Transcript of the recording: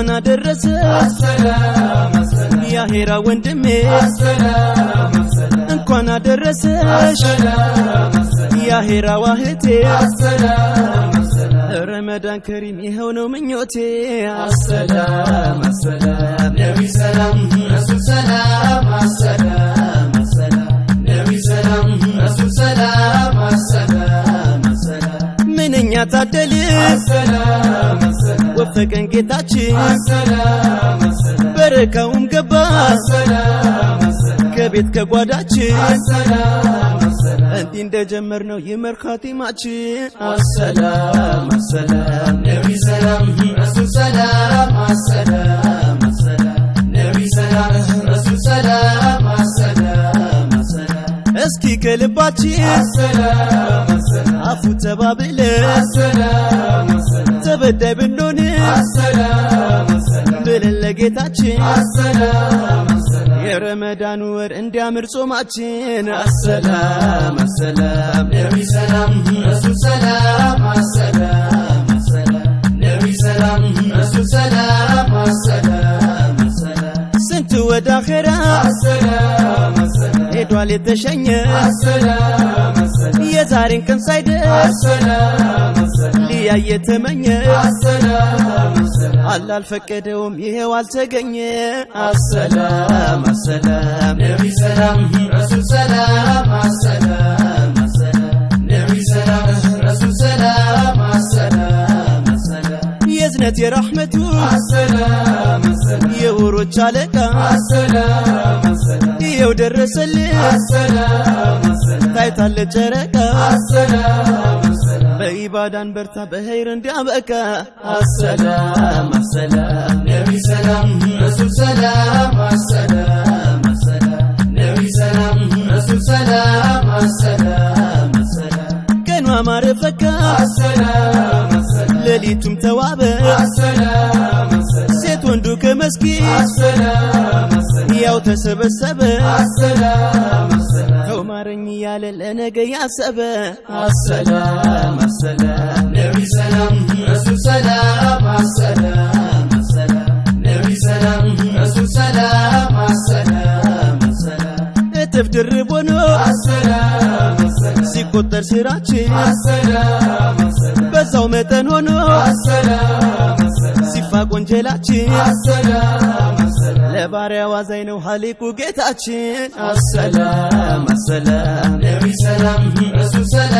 እንኳን አደረሰ ያሄራ ወንድሜ እንኳን አደረሰሽ ያሄራ ዋህቴ ረመዳን ከሪም ይኸው ነው ምኞቴ ሰላም ሰላም ሰላም ሰላም ምንኛ ታደልስ ናፈቀን ጌታችን በረካውም ገባ ከቤት ከጓዳችን እንዲህ እንደጀመር ነው ይመር ካቲማችን አሰላም አሰላም እስኪ ከልባችን አፉ ተባብለን ተበዳይ ብንሆን ብለን ለጌታችን የረመዳን ወር እንዲያምር ጾማችን አሰላም አሰላም ነቢ ሰላም ረሱል ሰላም አሰላም አሰላም ነቢ ሰላም ረሱል ሰላም አሰላም ስንት ወደ አኼራ ሄዷል የተሸኘ የዛሬን ቀን ሳይደርስ ሊያ የተመኘ አላልፈቀደውም ይሄው አልተገኘ። አሰላም አሰላም ነቢ ሰላም ረሱል ሰላም አሰላም አሰላም ነቢ ሰላም ረሱል ሰላም አሰላም አሰላም የዝነት የራህመቱ አሰላም አሰላም የወሮች አለቃ አሰላም አሰላም ይሄው ደረሰልህ አሰላም አሰላም ታይታለች ጨረቃ አሰላም በኢባዳን በርታ በኸይር እንዲያበቃ አሰላም አሰላም ነቢ ሰላም ረሱል ሰላም አሰላም አሰላም ነቢ ሰላም ረሱል ሰላም አሰላም አሰላም ቀኗ ማረ ፈካ አሰላም ሌሊቱም ተዋበ ሴት ወንዱ ከመስጊድ ያው ተሰበሰበ አሰላም አሰላም አማረኝ እያለ ለነገ ያሰበ አሰላም አሰላም ነቢ ሰላም ረሱል ሰላም አሰላም አሰላም ነቢ ሰላም ረሱል ሰላም አሰላም አሰላም እጥፍ ድርብ ሆኖ አሰላም ሲቆጠር ስራችን አሰላም አሰላም በዛው መጠን ሆኖ አሰላም ሲፋቅ ወንጀላችን አሰላም የባሪያው አዛኝ ነው ሀሊቁ ጌታችን አሰላም አሰላም ነቢ ሰላም ረሱል ሰላም